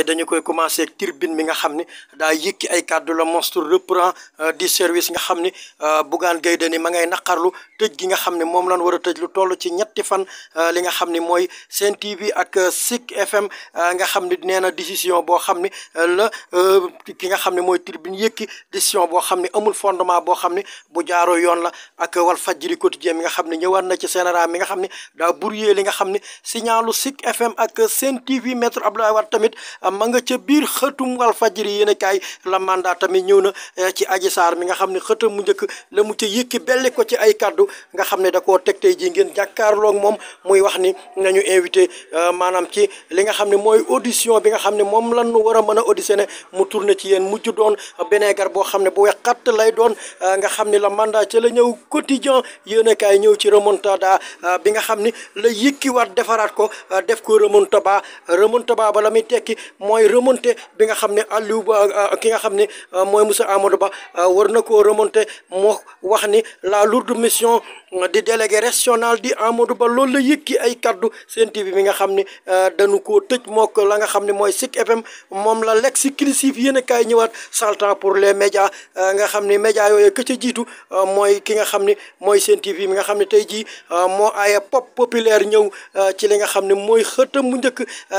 et dañu koy commencé ak mi nga xam ni daa yëkki ay kàddu la monstre reprend euh, di service nga xam ni euh, Bougane Gueye Dany ma ngay naqarlu tëj gi nga xam ne moom lan war a tëj lu ci ñetti fan euh, li nga xam ni mooy Sen TV ak Zik FM nga xam ni nee na décision boo xam ni la ki nga xam ne mooy tribune yëkki décision boo xam ne amul fondement boo xam ne bu jaaroo yoon la ak wal fajjiri quotidien mi nga xam ne ñëwaat na ci sénéra mi nga xam ne daa brouillé li nga xam ne signalu Zik FM ak Sen TV maître Abdoulaye Wade tamit ma nga ca biir xëtum Walfadjri yéen a kaay la mandat tamit ñëw na eh, ci Adji Sarr mi nga xam ne xëtam mu njëkk la mu ca yëkki belli ko ci ay kaddu nga xam ne da koo teg tey ji ngeen jàkkaarloog moom muy wax ni ñu invité eh, maanaam ci li nga xam ne mooy audition bi nga xam ne moom lan nu war a mën a auditionné mu tourné ci yéen mujj doon benegar boo xam ne bu wexxatt lay doon eh, nga xam ni la mandaa ca la ñëw quotidien yéen a ñëw ci remontada bi nga xam ni la yëkkiwaat defaraat ko def ko remontada remontada ba bala muy tekki mooy remonté bi nga xam ne Aliou Ba euh, ki nga xam ne euh, mooy monsieur Amadou Ba euh, war na koo remonté moo wax ni la lourde mission di délégué régional di Amadou Ba loolu la yëkki ay kaddu Sen TV bi nga xam ne danu ko tëj mook la nga xam ne mooy Zik FM moom la l'exclusif yéen a kaay ñëwaat saltan pour les médias nga xam ne médias yooyu ka ca jiitu mooy ki nga xam ni mooy Sen TV bi nga xam ne tey jii moo aaye pop populaire ñëw ci li nga xam ne mooy xëtam mu njëkk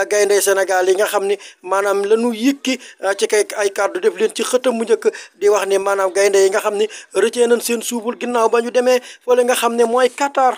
gaynde Sénégal yi nga xam ni maanaam la nu yëkki ah, ci kay ay kàddu def leen ci xëtam mu njëkk di wax ne maanaam gaynde yi nga xam ne rëcee nañ seen suubul ginnaaw ba ñu demee fële nga xam ne mooy Qatar